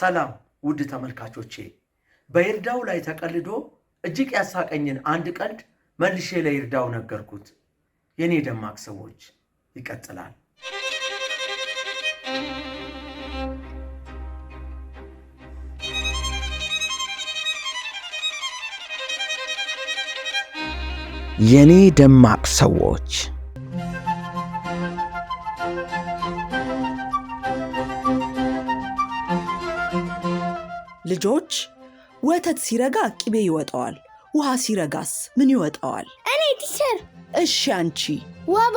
ሰላም ውድ ተመልካቾቼ፣ በይርዳው ላይ ተቀልዶ እጅግ ያሳቀኝን አንድ ቀልድ መልሼ ለይርዳው ነገርኩት። የእኔ ደማቅ ሰዎች ይቀጥላል። የእኔ ደማቅ ሰዎች ልጆች ወተት ሲረጋ ቅቤ ይወጣዋል፣ ውሃ ሲረጋስ ምን ይወጣዋል? እኔ ቲቸር። እሺ አንቺ ወባ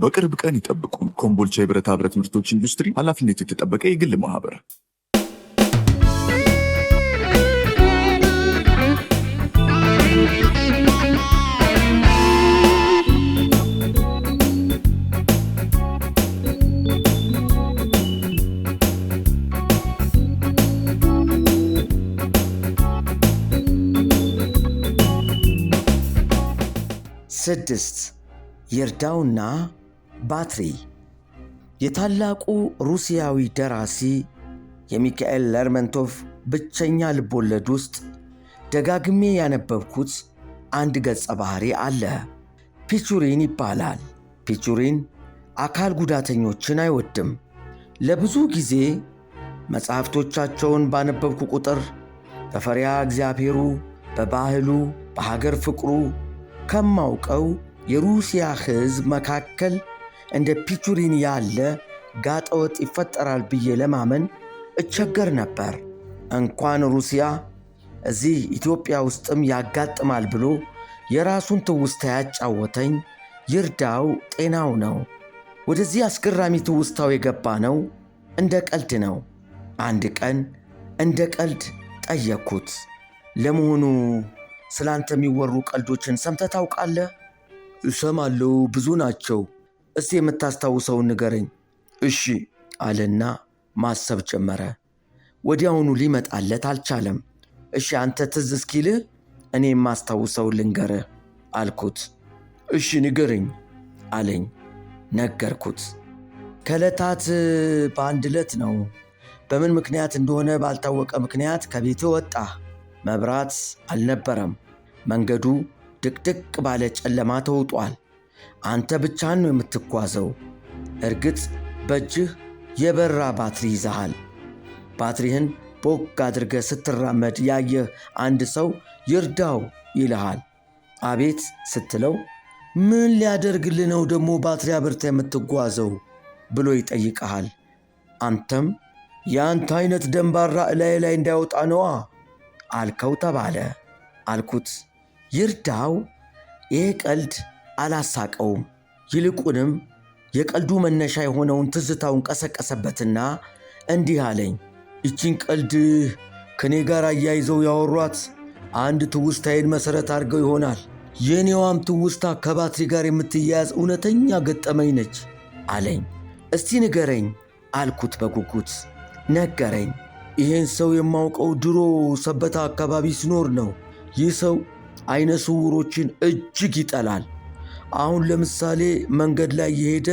ቢኖር በቅርብ ቀን ይጠብቁ። ኮምቦልቻ የብረታ ብረት ምርቶች ኢንዱስትሪ ኃላፊነቱ የተጠበቀ የግል ማህበር ስድስት ይርዳውና ባትሪ የታላቁ ሩሲያዊ ደራሲ የሚካኤል ለርመንቶቭ ብቸኛ ልቦለድ ውስጥ ደጋግሜ ያነበብኩት አንድ ገጸ ባህሪ አለ። ፒቹሪን ይባላል። ፒቹሪን አካል ጉዳተኞችን አይወድም። ለብዙ ጊዜ መጽሐፍቶቻቸውን ባነበብኩ ቁጥር በፈሪያ እግዚአብሔሩ፣ በባህሉ፣ በሀገር ፍቅሩ ከማውቀው የሩሲያ ሕዝብ መካከል እንደ ፒቹሪን ያለ ጋጠወጥ ይፈጠራል ብዬ ለማመን እቸገር ነበር። እንኳን ሩሲያ እዚህ ኢትዮጵያ ውስጥም ያጋጥማል ብሎ የራሱን ትውስታ ያጫወተኝ ይርዳው ጤናው ነው። ወደዚህ አስገራሚ ትውስታው የገባ ነው እንደ ቀልድ ነው። አንድ ቀን እንደ ቀልድ ጠየቅኩት፣ ለመሆኑ ስላንተ የሚወሩ ቀልዶችን ሰምተህ ታውቃለህ? እሰማለሁ ብዙ ናቸው። እስቲ የምታስታውሰውን ንገረኝ። እሺ አለና ማሰብ ጀመረ። ወዲያውኑ ሊመጣለት አልቻለም። እሺ አንተ ትዝ እስኪልህ እኔ የማስታውሰው ልንገርህ አልኩት። እሺ ንገረኝ አለኝ። ነገርኩት። ከዕለታት በአንድ ዕለት ነው። በምን ምክንያት እንደሆነ ባልታወቀ ምክንያት ከቤት ወጣ መብራት አልነበረም። መንገዱ ድቅድቅ ባለ ጨለማ ተውጧል። አንተ ብቻህን ነው የምትጓዘው። እርግጥ በእጅህ የበራ ባትሪ ይዘሃል። ባትሪህን ቦግ አድርገህ ስትራመድ ያየህ አንድ ሰው ይርዳው ይልሃል። አቤት ስትለው ምን ሊያደርግልህ ነው ደግሞ ባትሪ አብርተህ የምትጓዘው ብሎ ይጠይቀሃል። አንተም የአንተ አይነት ደንባራ እላዬ ላይ እንዳይወጣ ነዋ አልከው ተባለ አልኩት። ይርዳው ይሄ ቀልድ አላሳቀውም። ይልቁንም የቀልዱ መነሻ የሆነውን ትዝታውን ቀሰቀሰበትና እንዲህ አለኝ። ይችን ቀልድ ከእኔ ጋር አያይዘው ያወሯት አንድ ትውስታዬን መሠረት አድርገው ይሆናል። የእኔዋም ትውስታ ከባትሪ ጋር የምትያያዝ እውነተኛ ገጠመኝ ነች አለኝ። እስቲ ንገረኝ አልኩት በጉጉት። ነገረኝ። ይህን ሰው የማውቀው ድሮ ሰበታ አካባቢ ሲኖር ነው። ይህ ሰው አይነ ስውሮችን እጅግ ይጠላል። አሁን ለምሳሌ መንገድ ላይ የሄደ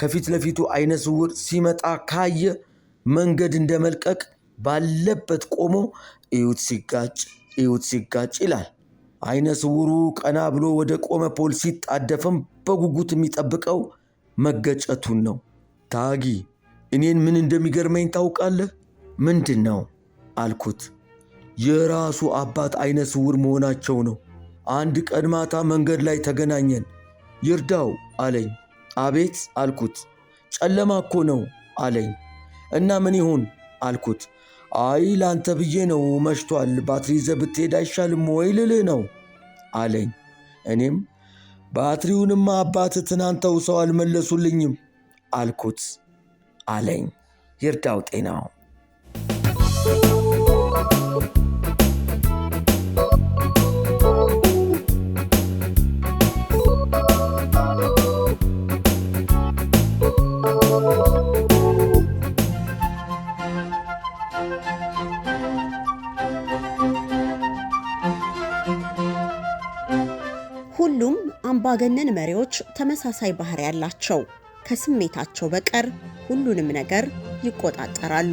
ከፊት ለፊቱ አይነ ስውር ሲመጣ ካየ መንገድ እንደ መልቀቅ ባለበት ቆሞ እዩት ሲጋጭ እዩት ሲጋጭ ይላል። አይነ ስውሩ ቀና ብሎ ወደ ቆመ ፖል ሲጣደፍም በጉጉት የሚጠብቀው መገጨቱን ነው። ታጊ እኔን ምን እንደሚገርመኝ ታውቃለህ? ምንድን ነው አልኩት። የራሱ አባት አይነ ስውር መሆናቸው ነው። አንድ ቀን ማታ መንገድ ላይ ተገናኘን። ይርዳው አለኝ። አቤት አልኩት። ጨለማ እኮ ነው አለኝ። እና ምን ይሁን አልኩት። አይ ላንተ ብዬ ነው መሽቷል፣ ባትሪ ይዘህ ብትሄድ አይሻልም ወይ ልልህ ነው አለኝ። እኔም ባትሪውንማ አባት ትናንተው ሰው አልመለሱልኝም አልኩት አለኝ። ይርዳው ጤናው አምባገነን መሪዎች ተመሳሳይ ባህሪ ያላቸው፣ ከስሜታቸው በቀር ሁሉንም ነገር ይቆጣጠራሉ።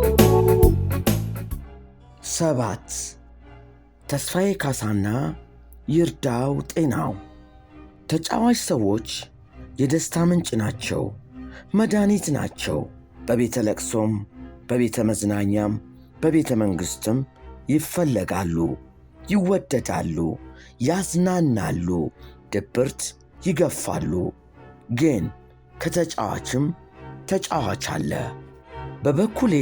ሰባት ተስፋዬ ካሳና ይርዳው ጤናው ተጫዋች ሰዎች የደስታ ምንጭ ናቸው፣ መድኃኒት ናቸው። በቤተ ለቅሶም በቤተ መዝናኛም በቤተ መንግሥትም ይፈለጋሉ፣ ይወደዳሉ፣ ያዝናናሉ፣ ድብርት ይገፋሉ። ግን ከተጫዋችም ተጫዋች አለ። በበኩሌ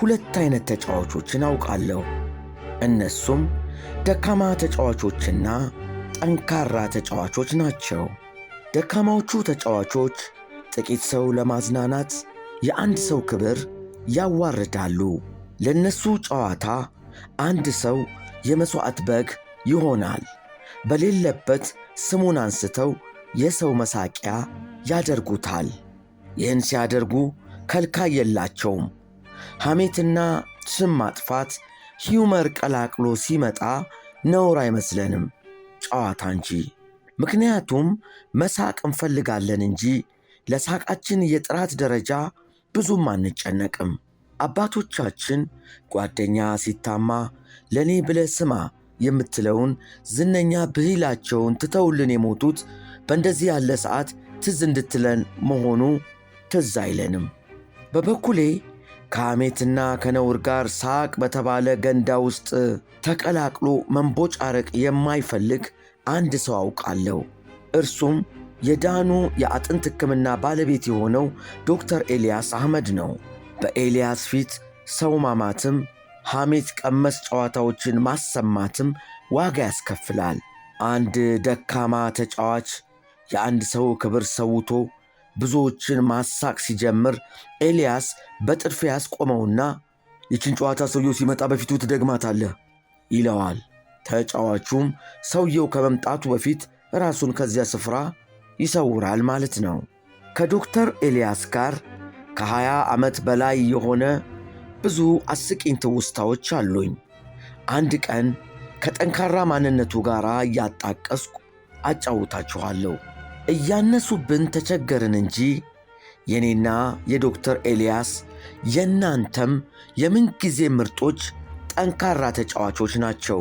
ሁለት አይነት ተጫዋቾችን አውቃለሁ። እነሱም ደካማ ተጫዋቾችና ጠንካራ ተጫዋቾች ናቸው። ደካማዎቹ ተጫዋቾች ጥቂት ሰው ለማዝናናት የአንድ ሰው ክብር ያዋርዳሉ። ለነሱ ጨዋታ አንድ ሰው የመሥዋዕት በግ ይሆናል። በሌለበት ስሙን አንስተው የሰው መሳቂያ ያደርጉታል። ይህን ሲያደርጉ ከልካይ የላቸውም። ሐሜትና ስም ማጥፋት ሂውመር ቀላቅሎ ሲመጣ ነውር አይመስለንም፣ ጨዋታ እንጂ። ምክንያቱም መሳቅ እንፈልጋለን እንጂ ለሳቃችን የጥራት ደረጃ ብዙም አንጨነቅም። አባቶቻችን ጓደኛ ሲታማ ለእኔ ብለ ስማ የምትለውን ዝነኛ ብሂላቸውን ትተውልን የሞቱት በእንደዚህ ያለ ሰዓት ትዝ እንድትለን መሆኑ ትዝ አይለንም። በበኩሌ ከሐሜትና ከነውር ጋር ሳቅ በተባለ ገንዳ ውስጥ ተቀላቅሎ መንቦጫረቅ የማይፈልግ አንድ ሰው አውቃለሁ። እርሱም የዳኑ የአጥንት ሕክምና ባለቤት የሆነው ዶክተር ኤልያስ አህመድ ነው። በኤልያስ ፊት ሰው ማማትም ሐሜት ቀመስ ጨዋታዎችን ማሰማትም ዋጋ ያስከፍላል። አንድ ደካማ ተጫዋች የአንድ ሰው ክብር ሰውቶ ብዙዎችን ማሳቅ ሲጀምር ኤልያስ በጥድፍ ያስቆመውና ይችን ጨዋታ ሰውየው ሲመጣ በፊቱ ትደግማታለህ ይለዋል። ተጫዋቹም ሰውየው ከመምጣቱ በፊት ራሱን ከዚያ ስፍራ ይሰውራል ማለት ነው። ከዶክተር ኤልያስ ጋር ከሀያ ዓመት በላይ የሆነ ብዙ አስቂኝ ትውስታዎች አሉኝ። አንድ ቀን ከጠንካራ ማንነቱ ጋር እያጣቀስኩ አጫውታችኋለሁ። እያነሱብን ተቸገርን እንጂ የኔና የዶክተር ኤልያስ የእናንተም የምንጊዜ ምርጦች ጠንካራ ተጫዋቾች ናቸው።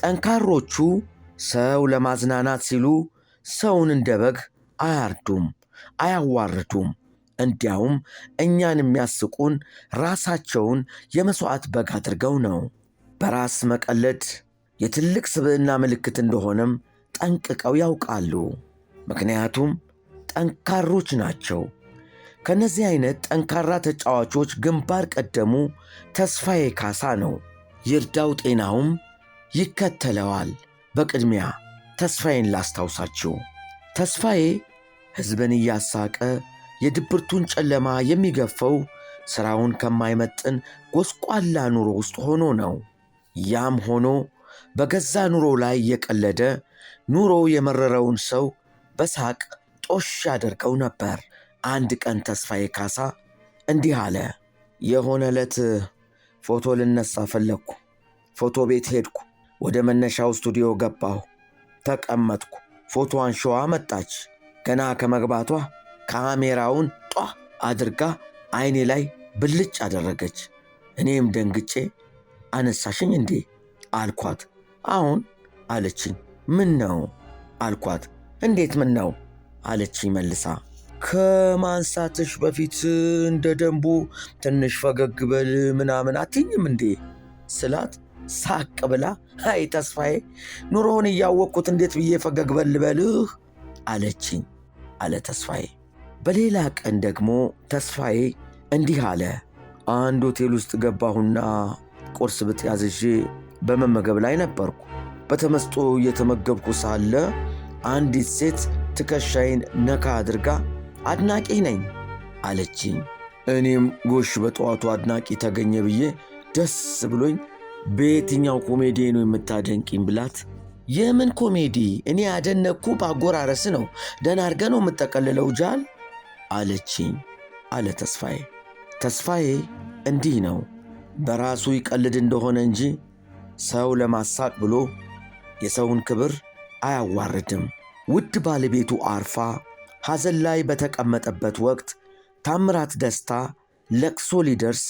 ጠንካሮቹ ሰው ለማዝናናት ሲሉ ሰውን እንደ በግ አያርዱም፣ አያዋርዱም። እንዲያውም እኛን የሚያስቁን ራሳቸውን የመሥዋዕት በግ አድርገው ነው። በራስ መቀለድ የትልቅ ስብዕና ምልክት እንደሆነም ጠንቅቀው ያውቃሉ። ምክንያቱም ጠንካሮች ናቸው። ከእነዚህ አይነት ጠንካራ ተጫዋቾች ግንባር ቀደሙ ተስፋዬ ካሳ ነው። ይርዳው ጤናውም ይከተለዋል። በቅድሚያ ተስፋዬን ላስታውሳችሁ። ተስፋዬ ሕዝብን እያሳቀ የድብርቱን ጨለማ የሚገፈው ሥራውን ከማይመጥን ጎስቋላ ኑሮ ውስጥ ሆኖ ነው። ያም ሆኖ በገዛ ኑሮ ላይ እየቀለደ ኑሮ የመረረውን ሰው በሳቅ ጦሽ ያደርገው ነበር። አንድ ቀን ተስፋዬ ካሳ እንዲህ አለ። የሆነ ዕለት ፎቶ ልነሳ ፈለግኩ። ፎቶ ቤት ሄድኩ። ወደ መነሻው ስቱዲዮ ገባሁ፣ ተቀመጥኩ። ፎቶ አንሺዋ መጣች። ገና ከመግባቷ ካሜራውን ጧ አድርጋ ዐይኔ ላይ ብልጭ አደረገች። እኔም ደንግጬ አነሳሽኝ እንዴ አልኳት። አሁን አለችኝ። ምን ነው አልኳት። እንዴት ምን ነው አለች መልሳ። ከማንሳትሽ በፊት እንደ ደንቡ ትንሽ ፈገግ በል ምናምን አትይኝም እንዴ ስላት ሳቅ ብላ አይ ተስፋዬ፣ ኑሮውን እያወቅኩት እንዴት ብዬ ፈገግ በል በልህ አለችኝ አለ ተስፋዬ። በሌላ ቀን ደግሞ ተስፋዬ እንዲህ አለ። አንድ ሆቴል ውስጥ ገባሁና ቁርስ ብትያዝዤ በመመገብ ላይ ነበርኩ። በተመስጦ እየተመገብኩ ሳለ አንዲት ሴት ትከሻዬን ነካ አድርጋ አድናቂ ነኝ አለችኝ። እኔም ጎሽ በጠዋቱ አድናቂ ተገኘ ብዬ ደስ ብሎኝ በየትኛው ኮሜዲ ነው የምታደንቂኝ ብላት የምን ኮሜዲ እኔ ያደነቅኩ በአጎራረስ ነው ደህና አድርገ ነው የምጠቀልለው ጃል አለችኝ አለ ተስፋዬ። ተስፋዬ እንዲህ ነው በራሱ ይቀልድ እንደሆነ እንጂ ሰው ለማሳቅ ብሎ የሰውን ክብር አያዋርድም። ውድ ባለቤቱ አርፋ ሐዘን ላይ በተቀመጠበት ወቅት ታምራት ደስታ ለቅሶ ሊደርስ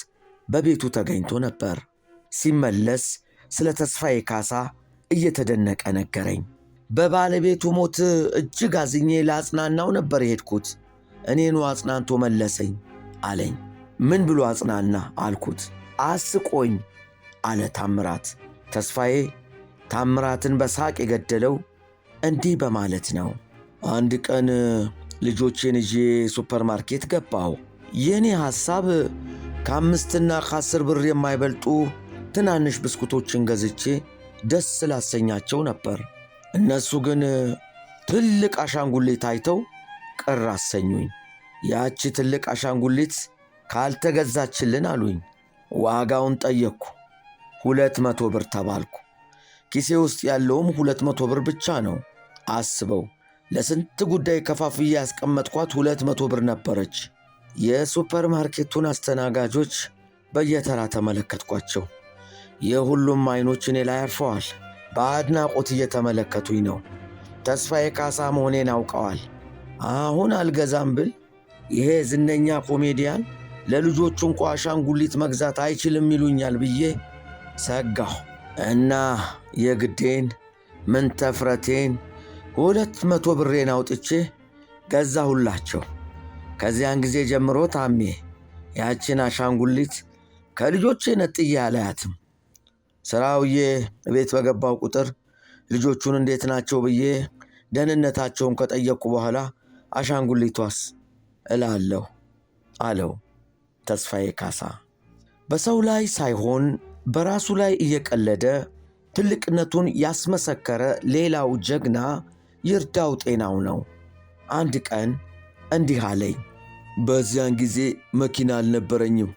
በቤቱ ተገኝቶ ነበር። ሲመለስ ስለ ተስፋዬ ካሳ እየተደነቀ ነገረኝ። በባለቤቱ ሞት እጅግ አዝኜ ለአጽናናው ነበር የሄድኩት። እኔኑ አጽናንቶ መለሰኝ አለኝ። ምን ብሎ አጽናና አልኩት። አስቆኝ አለ ታምራት። ተስፋዬ ታምራትን በሳቅ የገደለው እንዲህ በማለት ነው። አንድ ቀን ልጆቼን ይዤ ሱፐር ማርኬት ገባሁ። የእኔ ሐሳብ ከአምስትና ከአስር ብር የማይበልጡ ትናንሽ ብስኩቶችን ገዝቼ ደስ ስላሰኛቸው ነበር። እነሱ ግን ትልቅ አሻንጉሊት አይተው ቅር አሰኙኝ። ያቺ ትልቅ አሻንጉሊት ካልተገዛችልን አሉኝ። ዋጋውን ጠየቅኩ። ሁለት መቶ ብር ተባልኩ። ኪሴ ውስጥ ያለውም ሁለት መቶ ብር ብቻ ነው። አስበው ለስንት ጉዳይ ከፋፍዬ ያስቀመጥኳት ሁለት መቶ ብር ነበረች። የሱፐር ማርኬቱን አስተናጋጆች በየተራ ተመለከትኳቸው። የሁሉም አይኖች እኔ ላይ አርፈዋል። በአድናቆት እየተመለከቱኝ ነው። ተስፋዬ ካሳ መሆኔን አውቀዋል። አሁን አልገዛም ብል ይሄ ዝነኛ ኮሜዲያን ለልጆቹ እንኳ አሻንጉሊት መግዛት አይችልም ይሉኛል ብዬ ሰጋሁ። እና የግዴን ምንተፍረቴን ሁለት መቶ ብሬን አውጥቼ ገዛሁላቸው። ከዚያን ጊዜ ጀምሮ ታሜ ያችን አሻንጉሊት ከልጆቼ ነጥዬ አላያትም። ስራውዬ ቤት በገባው ቁጥር ልጆቹን እንዴት ናቸው ብዬ ደህንነታቸውን ከጠየቅኩ በኋላ አሻንጉሊቷስ እላለሁ አለው ተስፋዬ ካሳ። በሰው ላይ ሳይሆን በራሱ ላይ እየቀለደ ትልቅነቱን ያስመሰከረ ሌላው ጀግና ይርዳው ጤናው ነው። አንድ ቀን እንዲህ አለኝ። በዚያን ጊዜ መኪና አልነበረኝም፣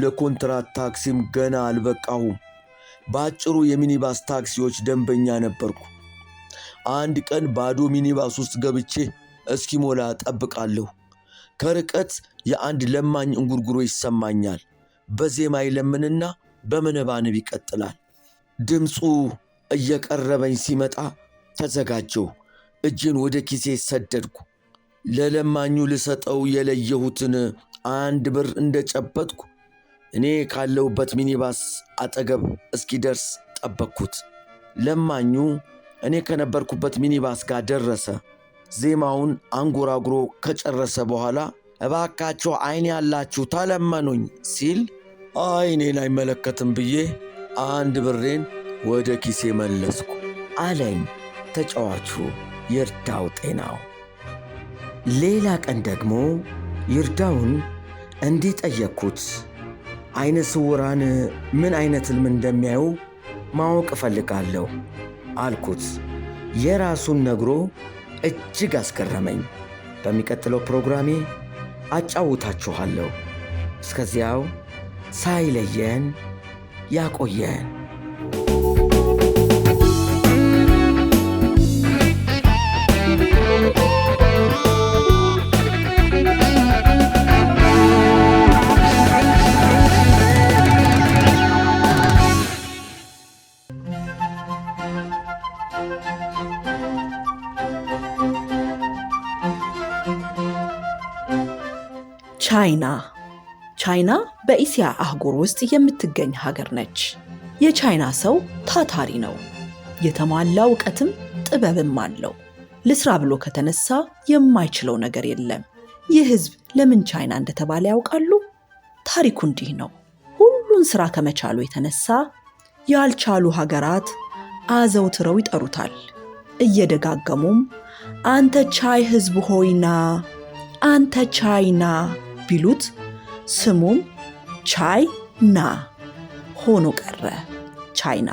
ለኮንትራት ታክሲም ገና አልበቃሁም። በአጭሩ የሚኒባስ ታክሲዎች ደንበኛ ነበርኩ። አንድ ቀን ባዶ ሚኒባስ ውስጥ ገብቼ እስኪሞላ ጠብቃለሁ። ከርቀት የአንድ ለማኝ እንጉርጉሮ ይሰማኛል። በዜማ ይለምንና በመነባነብ ይቀጥላል። ድምፁ እየቀረበኝ ሲመጣ ተዘጋጀው። እጄን ወደ ኪሴ ሰደድኩ። ለለማኙ ልሰጠው የለየሁትን አንድ ብር እንደጨበጥኩ እኔ ካለሁበት ሚኒባስ አጠገብ እስኪደርስ ጠበቅኩት። ለማኙ እኔ ከነበርኩበት ሚኒባስ ጋር ደረሰ። ዜማውን አንጎራጉሮ ከጨረሰ በኋላ እባካችሁ ዓይን ያላችሁ ተለመኑኝ ሲል አይኔን አይመለከትም ብዬ አንድ ብሬን ወደ ኪሴ መለስኩ አለኝ ተጫዋቹ ይርዳው ጤናው። ሌላ ቀን ደግሞ ይርዳውን እንዲህ ጠየቅኩት። አይነ ስውራን ምን አይነት ህልም እንደሚያዩ ማወቅ እፈልጋለሁ አልኩት። የራሱን ነግሮ እጅግ አስገረመኝ። በሚቀጥለው ፕሮግራሜ አጫውታችኋለሁ። እስከዚያው ሳይለየን ያቆየን። ቻይና ቻይና በኢስያ አህጉር ውስጥ የምትገኝ ሀገር ነች። የቻይና ሰው ታታሪ ነው። የተሟላ እውቀትም ጥበብም አለው። ልስራ ብሎ ከተነሳ የማይችለው ነገር የለም። ይህ ህዝብ ለምን ቻይና እንደተባለ ያውቃሉ? ታሪኩ እንዲህ ነው። ሁሉን ስራ ከመቻሉ የተነሳ ያልቻሉ ሀገራት አዘውትረው ይጠሩታል። እየደጋገሙም አንተ ቻይ ህዝብ ሆይና አንተ ቻይና ቢሉት ስሙም ቻይና ሆኖ ቀረ። ቻይና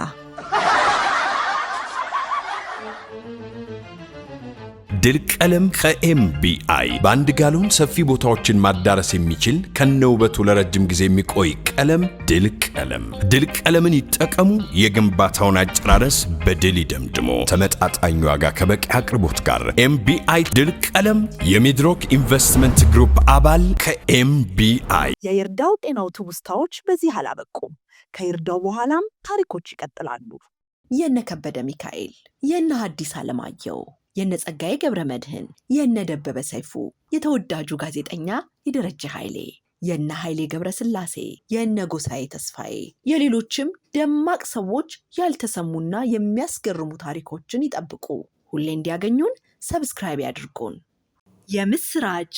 ድል ቀለም ከኤምቢአይ በአንድ ጋሎን ሰፊ ቦታዎችን ማዳረስ የሚችል ከነውበቱ ለረጅም ጊዜ የሚቆይ ቀለም ድል ቀለም። ድል ቀለምን ይጠቀሙ። የግንባታውን አጨራረስ በድል ይደምድሞ። ተመጣጣኝ ዋጋ ከበቂ አቅርቦት ጋር ኤምቢአይ ድል ቀለም የሚድሮክ ኢንቨስትመንት ግሩፕ አባል ከኤምቢአይ። የይርዳው ጤናው ትውስታዎች በዚህ አላበቁም። ከይርዳው በኋላም ታሪኮች ይቀጥላሉ። የነ ከበደ ሚካኤል፣ የነ ሐዲስ ዓለማየሁ የነ ጸጋዬ ገብረ መድህን፣ የነ ደበበ ሰይፉ፣ የተወዳጁ ጋዜጠኛ የደረጀ ኃይሌ፣ የነ ኃይሌ ገብረ ስላሴ፣ የነ ጎሳዬ ተስፋዬ፣ የሌሎችም ደማቅ ሰዎች ያልተሰሙና የሚያስገርሙ ታሪኮችን ይጠብቁ። ሁሌ እንዲያገኙን ሰብስክራይብ ያድርጉን። የምስራች